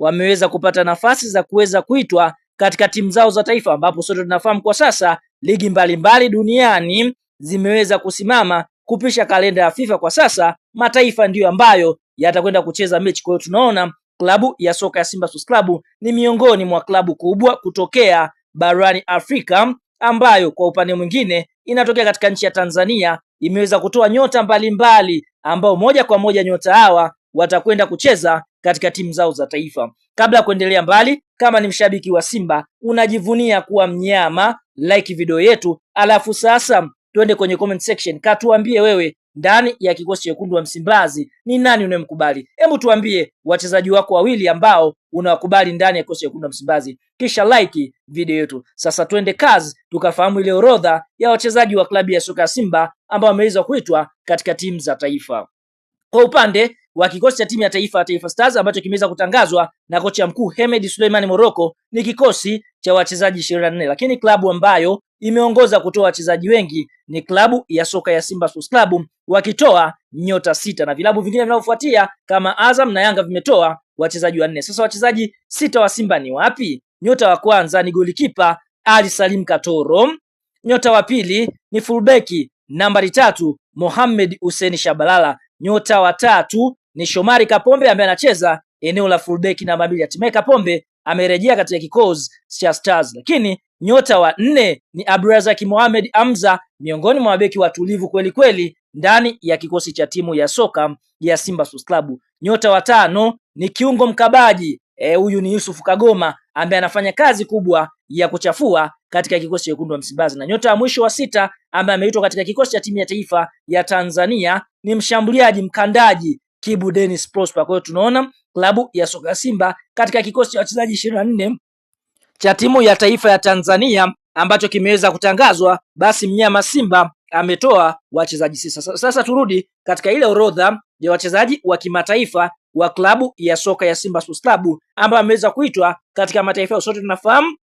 wameweza kupata nafasi za kuweza kuitwa katika timu zao za taifa, ambapo sote tunafahamu kwa sasa ligi mbalimbali mbali duniani zimeweza kusimama kupisha kalenda ya FIFA. Kwa sasa mataifa ndiyo ambayo yatakwenda kucheza mechi. Kwa hiyo tunaona klabu ya soka ya Simba Sports Club ni miongoni mwa klabu kubwa kutokea barani Afrika, ambayo kwa upande mwingine inatokea katika nchi ya Tanzania, imeweza kutoa nyota mbalimbali ambao moja kwa moja nyota hawa watakwenda kucheza katika timu zao za taifa. Kabla ya kuendelea mbali, kama ni mshabiki wa Simba unajivunia kuwa mnyama, like video yetu, alafu sasa twende kwenye comment section, katuambie wewe ndani ya kikosi cha wekundu wa Msimbazi ni nani unayemkubali? Hebu tuambie wachezaji wako wawili ambao unawakubali ndani ya kikosi cha wekundu wa Msimbazi, kisha like video yetu. Sasa twende kazi, tukafahamu ile orodha ya wachezaji wa klabu ya soka ya Simba ambao wameweza kuitwa katika timu za taifa. Kwa upande wa kikosi cha timu ya taifa Taifa Stars ambacho kimeweza kutangazwa na kocha mkuu Hemed Suleiman Morocco ni kikosi cha wachezaji 24, lakini klabu ambayo imeongoza kutoa wachezaji wengi ni klabu ya soka ya Simba Sports Club wakitoa nyota sita, na vilabu vingine vinavyofuatia kama Azam na Yanga vimetoa wachezaji wanne. Sasa wachezaji sita wa Simba ni wapi? Nyota wa kwanza ni golikipa Ali Salim Katoro, nyota wa pili ni fullback nambari tatu Mohamed Hussein Shabalala, nyota wa tatu ni Shomari Kapombe ambaye anacheza eneo la fullback namba mbili. Hatimaye Kapombe amerejea katika kikosi cha Stars, lakini nyota wa nne ni Abdulrazak Mohamed Hamza, miongoni mwa mabeki watulivu kweli kweli ndani ya kikosi cha timu ya soka ya Simba Sports Club. Nyota wa tano ni kiungo mkabaji e, huyu e, ni Yusuf Kagoma ambaye anafanya kazi kubwa ya kuchafua katika kikosi cha wekundu wa Msimbazi, na nyota wa mwisho wa sita ambaye ameitwa katika kikosi cha timu ya taifa ya Tanzania ni mshambuliaji mkandaji Kibu Dennis Prosper. Kwa hiyo tunaona klabu ya soka Simba katika kikosi cha wachezaji 24 na nne cha timu ya taifa ya Tanzania ambacho kimeweza kutangazwa, basi mnyama Simba ametoa wachezaji sasa. Sasa turudi katika ile orodha ya wachezaji wa kimataifa wa klabu ya soka ya Simba Sports Club ambayo ameweza kuitwa katika mataifa yao. Sote tunafahamu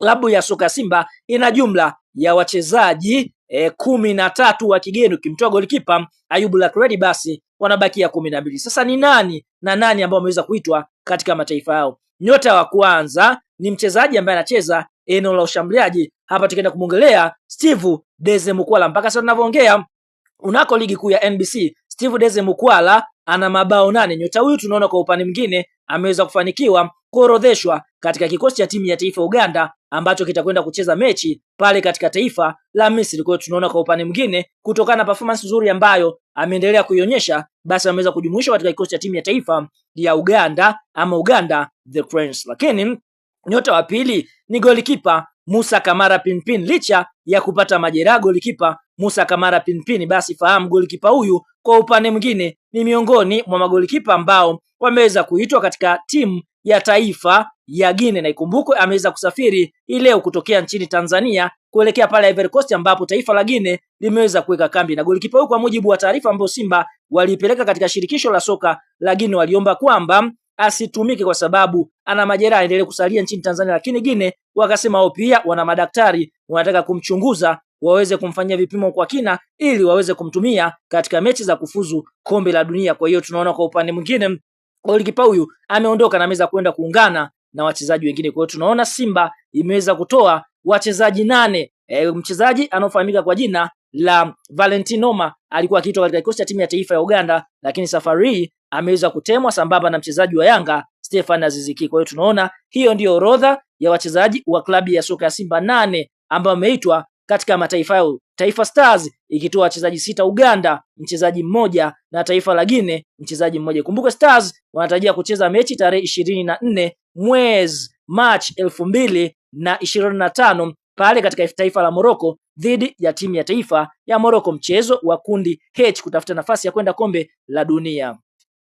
klabu ya soka Simba ina jumla ya wachezaji e, kumi na tatu wa kigeni ukimtoa golikipa Ayubu Lakredi, basi wanabakia kumi na mbili. Sasa ni nani na nani ambao wameweza kuitwa katika mataifa yao? Nyota wa kwanza ni mchezaji ambaye anacheza eneo la ushambuliaji hapa, tukienda kumwongelea Steve Deze Mukwala. Mpaka sasa tunavyoongea unako ligi kuu ya NBC, Steve Deze Mukwala ana mabao nane. Nyota huyu tunaona kwa upande mwingine ameweza kufanikiwa kuorodheshwa katika kikosi cha timu ya taifa Uganda ambacho kitakwenda kucheza mechi pale katika taifa la Misri. Kwa hiyo tunaona kwa upande mwingine, kutokana na performance nzuri ambayo ameendelea kuionyesha, basi ameweza kujumuishwa katika kikosi cha timu ya taifa ya Uganda ama Uganda the Cranes. Lakini nyota wa pili ni golikipa Musa Kamara Pinpin. Licha ya kupata majeraha golikipa Musa Kamara Pinpin, basi fahamu golikipa huyu kwa upande mwingine ni miongoni mwa magolikipa ambao wameweza kuitwa katika timu ya taifa ya Guinea, na ikumbukwe ameweza kusafiri hii leo kutokea nchini Tanzania kuelekea pale Ivory Coast ambapo taifa la Guinea limeweza kuweka kambi, na golikipa huyu kwa mujibu wa taarifa ambayo Simba waliipeleka katika shirikisho la soka la Guinea, waliomba kwamba asitumike kwa sababu ana majeraha, endelee kusalia nchini Tanzania, lakini Guinea wakasema wao pia wana madaktari wanataka kumchunguza waweze kumfanyia vipimo kwa kina ili waweze kumtumia katika mechi za kufuzu kombe la dunia. Kwa hiyo tunaona kwa upande mwingine golikipa huyu ameondoka na ameweza kwenda kuungana na wachezaji wengine. Kwa hiyo tunaona Simba imeweza kutoa wachezaji nane. E, mchezaji anaofahamika kwa jina la Valentinoma alikuwa akiitwa katika kikosi cha timu ya taifa ya Uganda, lakini safari hii ameweza kutemwa sambamba na mchezaji wa Yanga Stefan Aziziki. Kwa hiyo tunaona hiyo ndiyo orodha ya wachezaji wa klabu ya soka ya Simba nane ambao wameitwa katika mataifa yao, Taifa Stars ikitoa wachezaji sita Uganda mchezaji mmoja na taifa la Gine, mchezaji mmoja. Kumbuka Stars wanatarajia kucheza mechi tarehe ishirini na nne mwezi March elfu mbili na ishirini na tano pale katika taifa la Morocco dhidi ya timu ya taifa ya Morocco, mchezo wa kundi H kutafuta nafasi ya kwenda kombe la dunia.